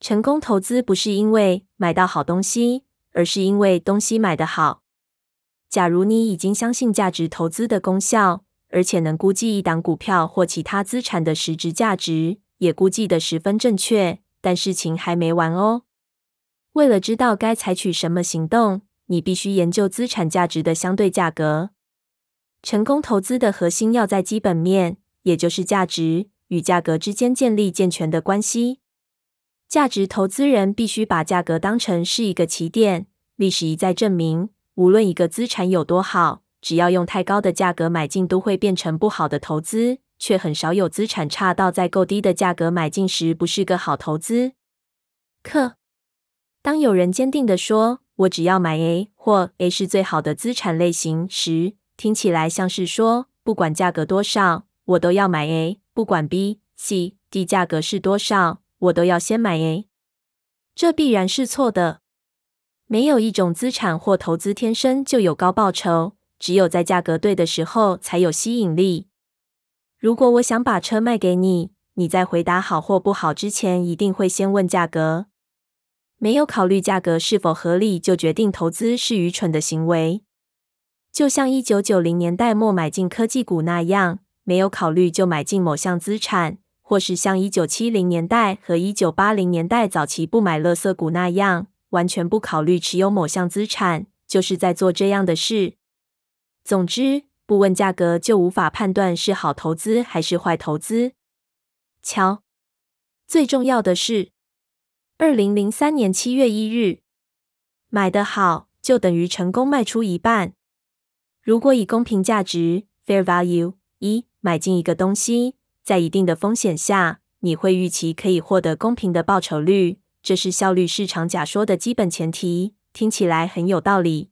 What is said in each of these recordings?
成功投資不是因為買到好東西，而是因為東西買得好。假如你已經相信價值投資的功效，而且能估計一檔股票或其他資產的實質價值，也估計得十分正確，但事情還沒完哦。為了知道該採取什麼行動，你必須研究資產價值的相對價格。成功投資的核心要在基本面，也就是價值與價格之間建立健全的關係。價值投資人必須把價格當成是一個起點。歷史一再證明，無論一個資產有多好，只要用太高的價格買進，都會變成不好的投資。卻很少有資產差到在夠低的價格買進時不是個好投資。可，當有人堅定地說：“我只要買 A，或 A 是最好的資產類型時”，聽起來像是說，不管價格多少，我都要買 A，不管 B、C、D 價格是多少。我都要先買誒，這必然是錯的。沒有一種資產或投資天生就有高報酬，只有在價格對的時候才有吸引力。如果我想把車賣給你，你在回答好或不好之前，一定會先問價格。沒有考慮價格是否合理就決定投資是愚蠢的行為。就像一九九零年代末買進科技股那樣，沒有考慮就買進某項資產。或是像一九七零年代和一九八零年代早期不買垃圾股那樣，完全不考慮持有某項資產，就是在做這樣的事。總之，不問價格就無法判斷是好投資還是壞投資。瞧，最重要的是，二零零三年七月一日買得好，就等於成功賣出一半。如果以公平價值 （fair value） 一買進一個東西。在一定的風險下，你會預期可以獲得公平的報酬率，這是效率市場假說的基本前提，聽起來很有道理。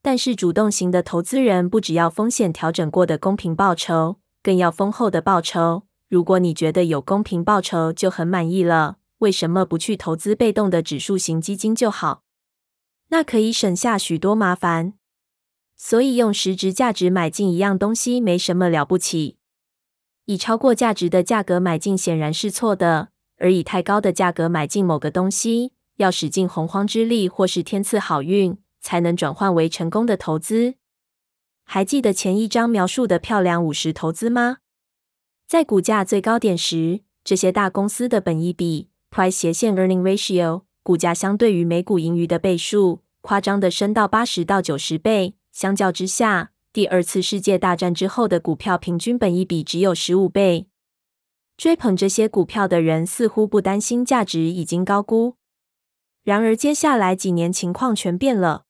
但是主動型的投資人不只要風險調整過的公平報酬，更要豐厚的報酬。如果你覺得有公平報酬就很滿意了，為什麼不去投資被動的指數型基金就好？那可以省下許多麻煩。所以用實質價值買進一樣東西沒什麼了不起。以超過價值的價格買進顯然是錯的，而以太高的價格買進某個東西，要使盡洪荒之力或是天賜好運，才能轉換為成功的投資。還記得前一章描述的漂亮五十投資嗎？在股價最高點時，這些大公司的本益比 price 斜線 earning ratio） 股價相對於每股盈餘的倍數，誇張的升到八十到九十倍，相較之下，第二次世界大戰之後的股票平均本益比只有十五倍，追捧這些股票的人似乎不擔心價值已經高估。然而，接下來幾年情況全變了。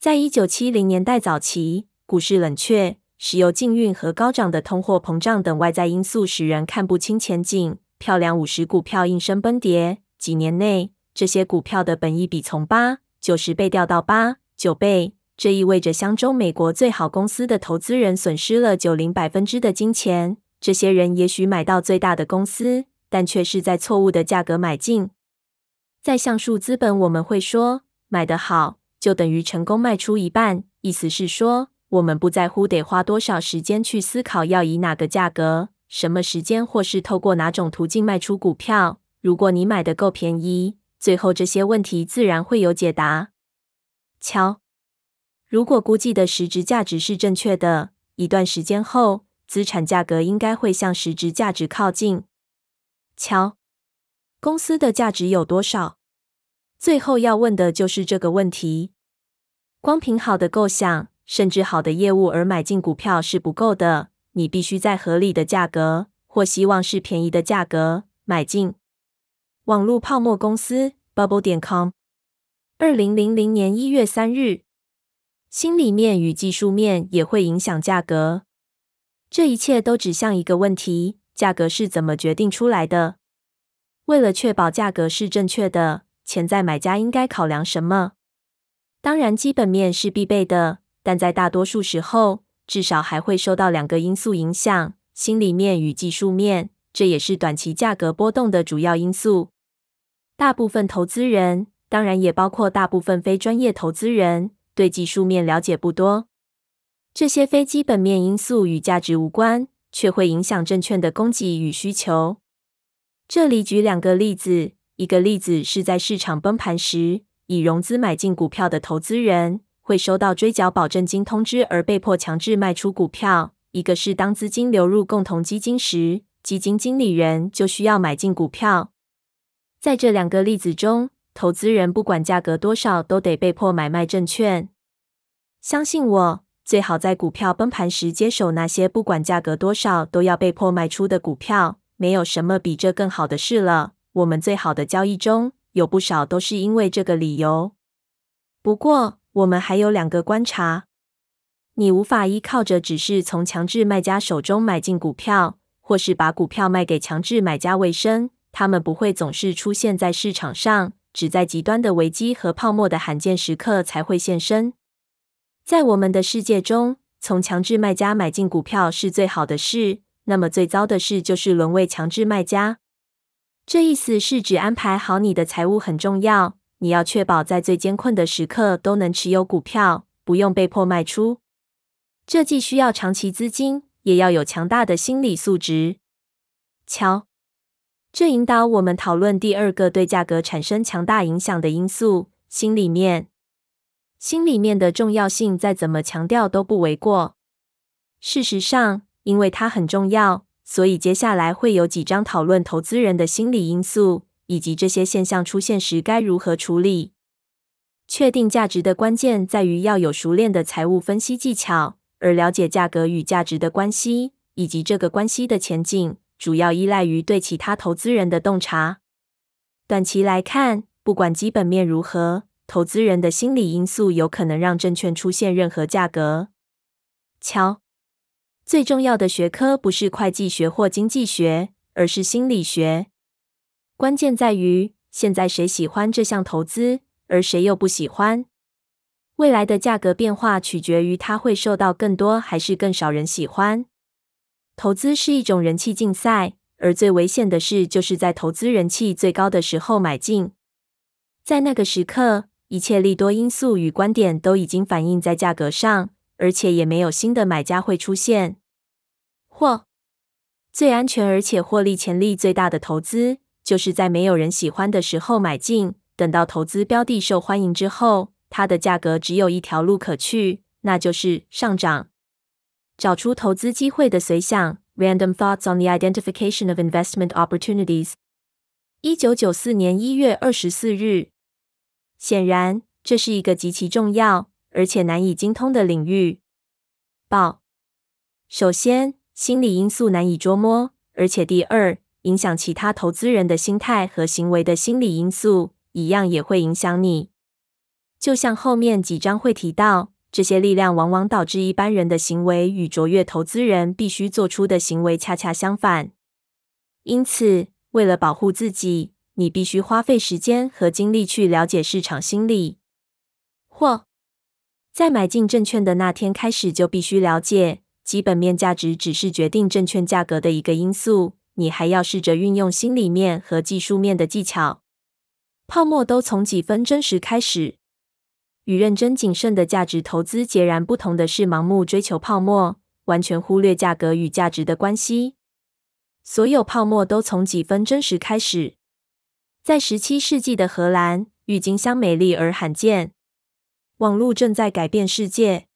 在一九七零年代早期，股市冷卻、石油禁運和高漲的通貨膨脹等外在因素使人看不清前景，漂亮五十股票應聲崩跌。幾年內，這些股票的本益比從八九十倍掉到八九倍。這意味着，相中美國最好公司的投資人損失了90%的金錢。這些人也許買到最大的公司，但卻是在錯誤的價格買進。在橡樹資本，我們會說，買得好就等於成功賣出一半。意思是說，我們不在乎得花多少時間去思考要以哪個價格、什麼時間或是透過哪種途徑賣出股票。如果你買得夠便宜，最後這些問題自然會有解答。瞧。如果估計的實質價值是正確的，一段時間後，資產價格應該會向實質價值靠近。瞧，公司的價值有多少？最後要問的就是這個問題。光憑好的構想，甚至好的業務而買進股票是不夠的。你必須在合理的價格，或希望是便宜的價格買進。網絡泡沫公司 Bubble 點 com，二零零零年一月三日。心理面與技術面也會影響價格，這一切都指向一個問題：價格是怎麼決定出來的？為了確保價格是正確的，潛在買家應該考量什麼？當然，基本面是必備的，但在大多數時候，至少還會受到兩個因素影響：心理面與技術面。這也是短期價格波動的主要因素。大部分投資人，當然也包括大部分非專業投資人。對技術面了解不多，這些非基本面因素與價值無關，卻會影響證券的供給與需求。這裡舉兩個例子：一個例子是在市場崩盤時，以融資買進股票的投資人會收到追繳保證金通知，而被迫強制賣出股票；一個是當資金流入共同基金時，基金經理人就需要買進股票。在這兩個例子中，投資人不管價格多少，都得被迫買賣證券。相信我，最好在股票崩盤時接手那些不管價格多少都要被迫賣出的股票。沒有什麼比這更好的事了。我們最好的交易中有不少都是因為這個理由。不過，我們還有兩個觀察：你無法依靠着只是從強制賣家手中買進股票，或是把股票賣給強制買家為生。他們不會總是出現在市場上。只在極端的危機和泡沫的罕見時刻才會現身。在我們的世界中，從強制賣家買進股票是最好的事。那麼最糟的事就是淪為強制賣家。這意思是指安排好你的財務很重要。你要確保在最艱困的時刻都能持有股票，不用被迫賣出。這既需要長期資金，也要有強大的心理素質。瞧。這引導我們討論第二個對價格產生強大影響的因素——心理面。心理面的重要性再怎麼強調都不為過。事實上，因為它很重要，所以接下來會有幾章討論投資人的心理因素，以及這些現象出現時該如何處理。確定價值的關鍵在於要有熟練的財務分析技巧，而了解價格與價值的關係，以及這個關係的前景，主要依賴於對其他投資人的洞察。短期來看，不管基本面如何，投資人的心理因素有可能讓證券出現任何價格。瞧，最重要的學科不是會計學或經濟學，而是心理學。關鍵在於，現在誰喜歡這項投資，而誰又不喜歡？未來的價格變化取決於它會受到更多還是更少人喜歡。投資是一種人氣競賽，而最危險的事就是在投資人氣最高的時候買進。在那個時刻，一切利多因素與觀點都已經反映在價格上，而且也沒有新的買家會出現。或最安全而且獲利潛力最大的投資，就是在沒有人喜歡的時候買進。等到投資標的受歡迎之後，它的價格只有一條路可去，那就是上漲。找出投資機會的隨想 （Random Thoughts on the Identification of Investment Opportunities），一九九四年一月二十四日。顯然，這是一個極其重要而且難以精通的領域。報。首先，心理因素難以捉摸，而且第二，影響其他投資人的心態和行為的心理因素，一樣也會影響你。就像後面幾章會提到。這些力量往往導致一般人的行為與卓越投資人必須做出的行為恰恰相反。因此，為了保護自己，你必須花費時間和精力去了解市場心理，或在買進證券的那天開始就必須了解，基本面價值只是決定證券價格的一個因素，你還要試着運用心理面和技術面的技巧。泡沫都從幾分真實開始。與認真謹慎的價值投資截然不同的是，盲目追求泡沫，完全忽略價格與價值的關係。所有泡沫都從幾分真實開始。在十七世紀的荷蘭，鬱金香美麗而罕見；網絡正在改變世界；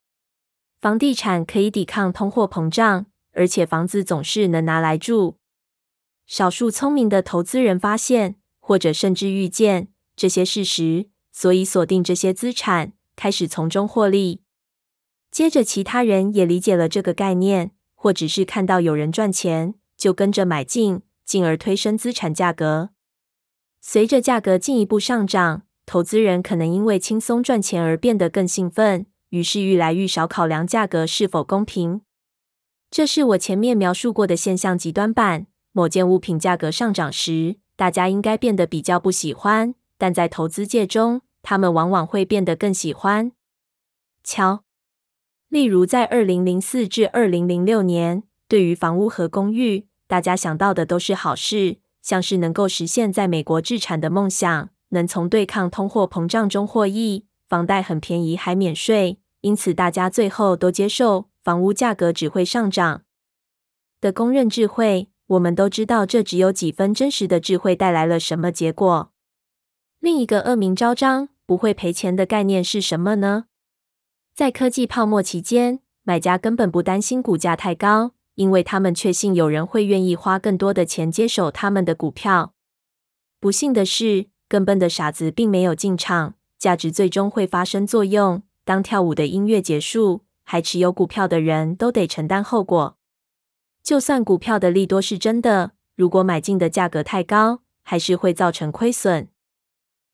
房地產可以抵抗通貨膨脹，而且房子總是能拿來住。少數聰明的投資人發現，或者甚至預見這些事實。所以鎖定這些資產，開始從中獲利。接着，其他人也理解了這個概念，或只是看到有人賺錢，就跟着買進，進而推升資產價格。隨着價格進一步上漲，投資人可能因為輕鬆賺錢而變得更興奮，於是愈來愈少考量價格是否公平。這是我前面描述過的現象極端版，某件物品價格上漲時，大家應該變得比較不喜歡，但在投資界中，他們往往會變得更喜歡。瞧，例如在二零零四至二零零六年，對於房屋和公寓，大家想到的都是好事，像是能夠實現在美國置產的夢想，能從對抗通貨膨脹中獲益，房貸很便宜還免稅。因此，大家最後都接受房屋價格只會上漲的公認智慧。我們都知道，這只有幾分真實的智慧帶來了什麼結果？另一個惡名昭彰，不會賠錢的概念是什麼呢？在科技泡沫期間，買家根本不擔心股價太高，因為他們確信有人會願意花更多的錢接手他們的股票。不幸的是，更笨的傻子並沒有進場。價值最終會發生作用。當跳舞的音樂結束，還持有股票的人都得承擔後果。就算股票的利多是真的，如果買進的價格太高，還是會造成虧損。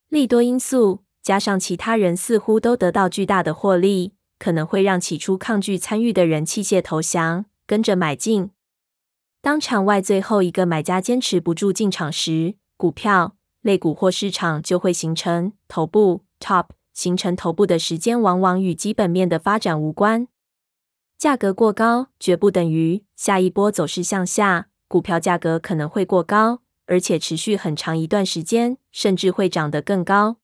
利多因素。加上其他人似乎都得到巨大的獲利，可能會讓起初抗拒參與的人棄械投降，跟着買進。當場外最後一個買家堅持不住進場時，股票類股或市場就會形成頭部 （top）。形成頭部的時間往往與基本面的發展無關。價格過高絕不等於下一波走勢向下。股票價格可能會過高，而且持續很長一段時間，甚至會漲得更高。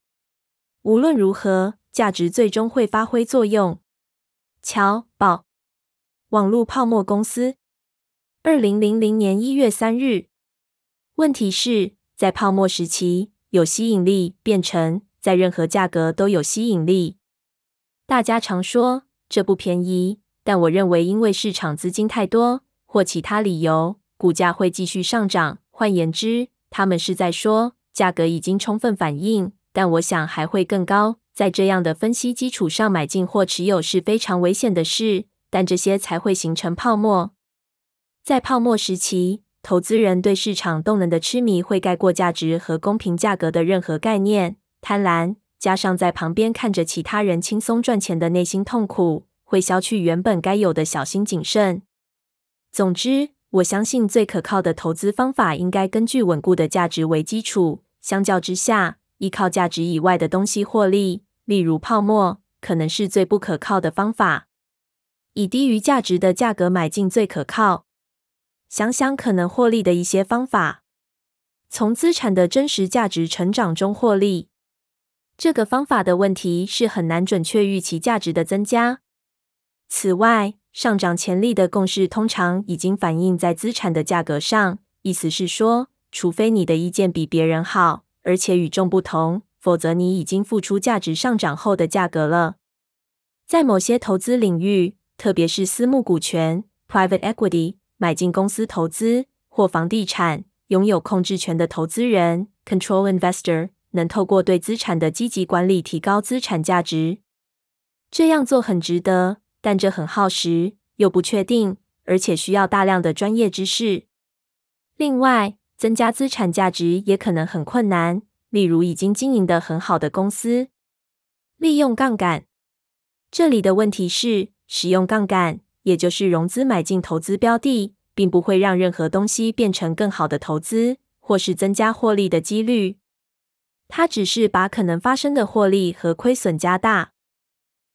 無論如何，價值最終會發揮作用。瞧，寶，網絡泡沫公司，二零零零年一月三日。問題是在泡沫時期有吸引力，變成在任何價格都有吸引力。大家常說這不便宜，但我認為，因為市場資金太多或其他理由，股價會繼續上漲。換言之，他們是在說價格已經充分反映。但我想還會更高。在這樣的分析基礎上買進或持有是非常危險的事。但這些才會形成泡沫。在泡沫時期，投資人對市場動能的痴迷會蓋過價值和公平價格的任何概念。貪婪加上在旁邊看着其他人輕鬆賺錢的內心痛苦，會消去原本該有的小心謹慎。總之，我相信最可靠的投資方法應該根據穩固的價值為基礎。相較之下，依靠價值以外的東西獲利，例如泡沫，可能是最不可靠的方法。以低於價值的價格買進最可靠。想想可能獲利的一些方法：從資產的真實價值成長中獲利。這個方法的問題是很難準確預期價值的增加。此外，上漲潛力的共識通常已經反映在資產的價格上，意思是說，除非你的意見比別人好。而且與眾不同，否則你已經付出價值上漲後的價格了。在某些投資領域，特別是私募股權 （private equity）、買進公司投資或房地產，擁有控制權的投資人 （control investor） 能透過對資產的積極管理提高資產價值。這樣做很值得，但這很耗時，又不確定，而且需要大量的專業知識。另外，增加資產價值也可能很困難，例如已經經營的很好的公司利用槓桿。這裡的問題是，使用槓桿，也就是融資買進投資標的，並不會讓任何東西變成更好的投資，或是增加獲利的幾率。它只是把可能發生的獲利和虧損加大。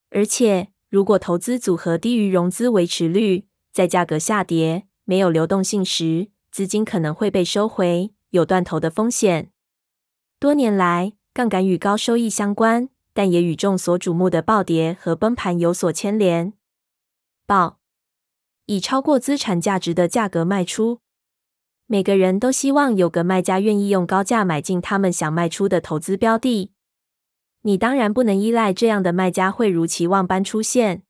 而且，如果投資組合低於融資維持率，在價格下跌、沒有流動性時，資金可能會被收回，有斷頭的風險。多年來，槓桿與高收益相關，但也與眾所矚目的暴跌和崩盤有所牽連。報，以超過資產價值的價格賣出，每個人都希望有個賣家願意用高價買進他們想賣出的投資標的。你當然不能依賴這樣的賣家會如期望般出現，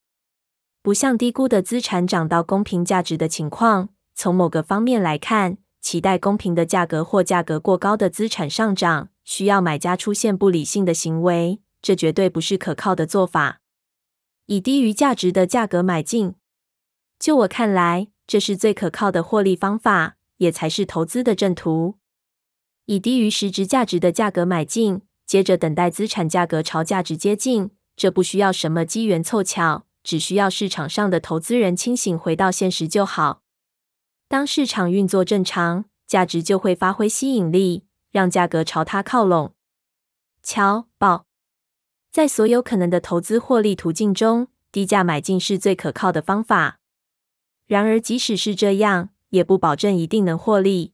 不像低估的資產漲到公平價值的情況。從某個方面來看，期待公平的價格或價格過高的資產上漲，需要買家出現不理性的行為，這絕對不是可靠的做法。以低於價值的價格買進，就我看來，這是最可靠的獲利方法，也才是投資的正途。以低於實質價值的價格買進，接着等待資產價格朝價值接近，這不需要什麼機緣湊巧，只需要市場上的投資人清醒回到現實就好。當市場運作正常，價值就會發揮吸引力，讓價格朝它靠攏。瞧，寶，在所有可能的投資獲利途徑中，低價買進是最可靠的方法。然而，即使是這樣，也不保證一定能獲利。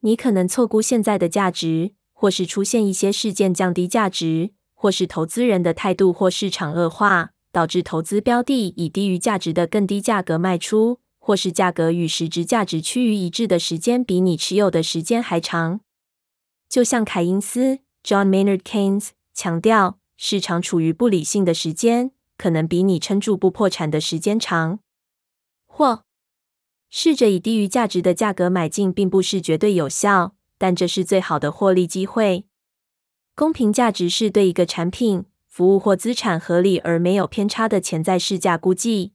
你可能錯估現在的價值，或是出現一些事件降低價值，或是投資人的態度或市場惡化，導致投資標的以低於價值的更低價格賣出。或是價格與實質價值趨於一致的時間比你持有的時間還長，就像凱因斯 （John Maynard Keynes） 強調，市場處於不理性的時間可能比你撐住不破產的時間長。或試着以低於價值的價格買進，並不是絕對有效，但這是最好的獲利機會。公平價值是對一個產品、服務或資產合理而沒有偏差的潛在市價估計。